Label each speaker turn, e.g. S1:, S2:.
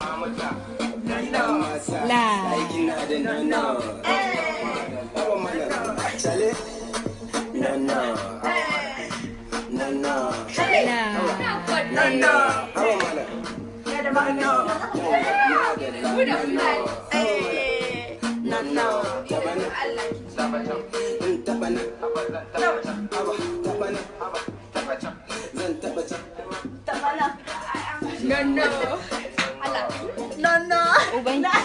S1: No,
S2: no.
S3: uban. Ano